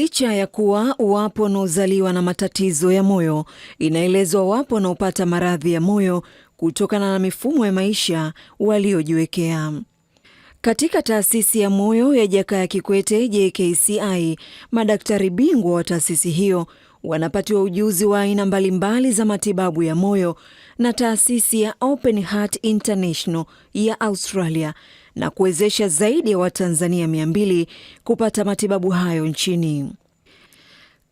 Licha ya kuwa wapo wanaozaliwa na matatizo ya moyo, inaelezwa wapo wanaopata maradhi ya moyo kutokana na mifumo ya maisha waliojiwekea. Katika taasisi ya moyo ya Jakaya Kikwete JKCI, madaktari bingwa wa taasisi hiyo wanapatiwa ujuzi wa aina mbalimbali za matibabu ya moyo na taasisi ya Open Heart International ya Australia na kuwezesha zaidi ya Watanzania 200 kupata matibabu hayo nchini.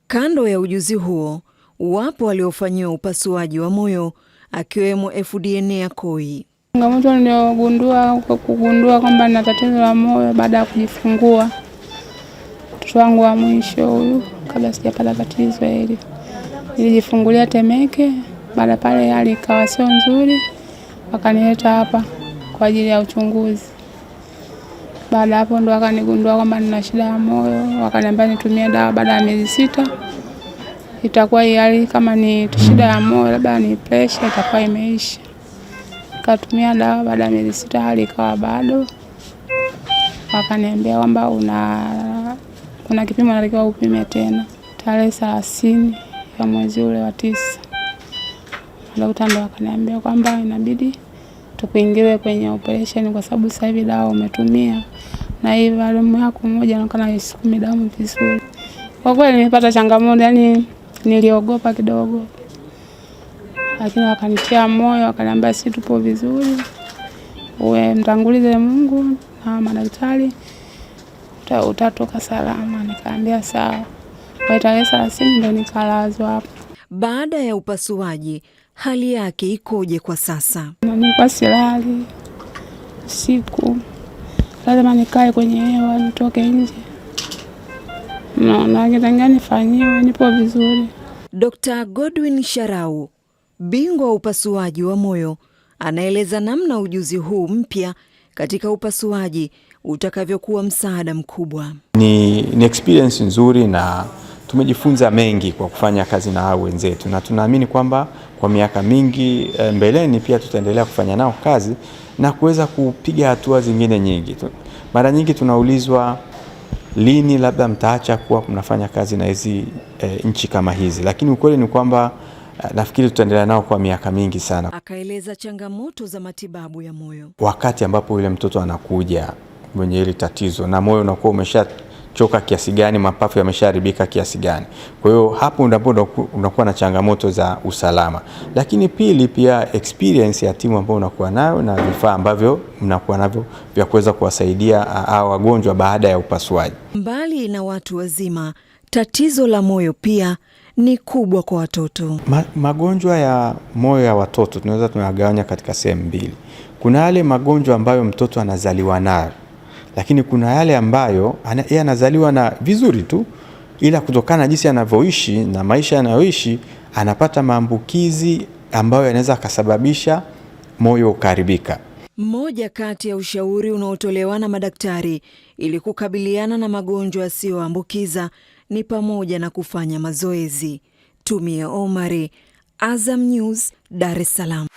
Kando ya ujuzi huo, wapo waliofanyiwa upasuaji wa moyo akiwemo fdna Koi. Changamoto niliyogundua kugundua kwamba nina tatizo la moyo baada ya kujifungua mtoto wangu wa mwisho huyu, kabla sijapata tatizo hili. Nilijifungulia Temeke, baada pale hali ikawa sio nzuri, wakanileta hapa kwa ajili ya uchunguzi. Baada ya hapo ndo wakanigundua kwamba nina shida ya moyo, wakaniambia nitumie dawa baada ya miezi sita itakuwa hali kama ni shida ya moyo labda ni presha itakuwa imeisha. Nikatumia dawa baada ya miezi sita, hali ikawa bado. Wakaniambia kwamba una kuna kipimo natakiwa upime tena tarehe thelathini ya mwezi ule wa tisa, ndo akaniambia kwamba inabidi tukuingiwe kwenye operesheni, kwa sababu sasa hivi dawa umetumia na hii valumu yako mmoja inaonekana isukumi damu vizuri. Kwa kweli nimepata changamoto, yani niliogopa kidogo, lakini wakanitia moyo, wakaniambia si tupo vizuri, uwe mtangulize Mungu na madaktari, utatoka salama. Nikaambia sawa. Kwa tarehe thelathini ndo nikalazwa hapo. Baada ya upasuaji hali yake ikoje kwa sasa? Nilikuwa silali siku, lazima nikae kwenye hewa, nitoke nje, naona kitanga nifanyiwe. Nipo vizuri. Dr. Godwin Sharau, bingwa wa upasuaji wa moyo, anaeleza namna ujuzi huu mpya katika upasuaji utakavyokuwa msaada mkubwa. Ni, ni experience nzuri na tumejifunza mengi kwa kufanya kazi na hao wenzetu, na tunaamini kwamba kwa miaka mingi eh, mbeleni pia tutaendelea kufanya nao kazi na kuweza kupiga hatua zingine nyingi. Mara nyingi tunaulizwa lini labda mtaacha kuwa mnafanya kazi na hizi e, nchi kama hizi, lakini ukweli ni kwamba eh, nafikiri tutaendelea nao kwa miaka mingi sana. Akaeleza changamoto za matibabu ya moyo wakati ambapo yule mtoto anakuja mwenye hili tatizo na moyo unakuwa umesha yamechoka kiasi gani, mapafu yameshaharibika kiasi gani. Kwa hiyo hapo ndipo unakuwa na changamoto za usalama, lakini pili pia experience ya timu ambayo unakuwa nayo na vifaa ambavyo mnakuwa navyo vya kuweza kuwasaidia hawa wagonjwa baada ya upasuaji. Mbali na watu wazima, tatizo la moyo pia ni kubwa kwa watoto. Ma, magonjwa ya moyo ya watoto tunaweza tunagawanya katika sehemu mbili. Kuna yale magonjwa ambayo mtoto anazaliwa nayo lakini kuna yale ambayo yeye anazaliwa na vizuri tu, ila kutokana na jinsi anavyoishi na maisha yanayoishi anapata maambukizi ambayo yanaweza akasababisha moyo ukaharibika. Mmoja kati ya ushauri unaotolewa na madaktari ili kukabiliana na magonjwa yasiyoambukiza ni pamoja na kufanya mazoezi. Tumie Omari, Azam News, Dar es Salaam.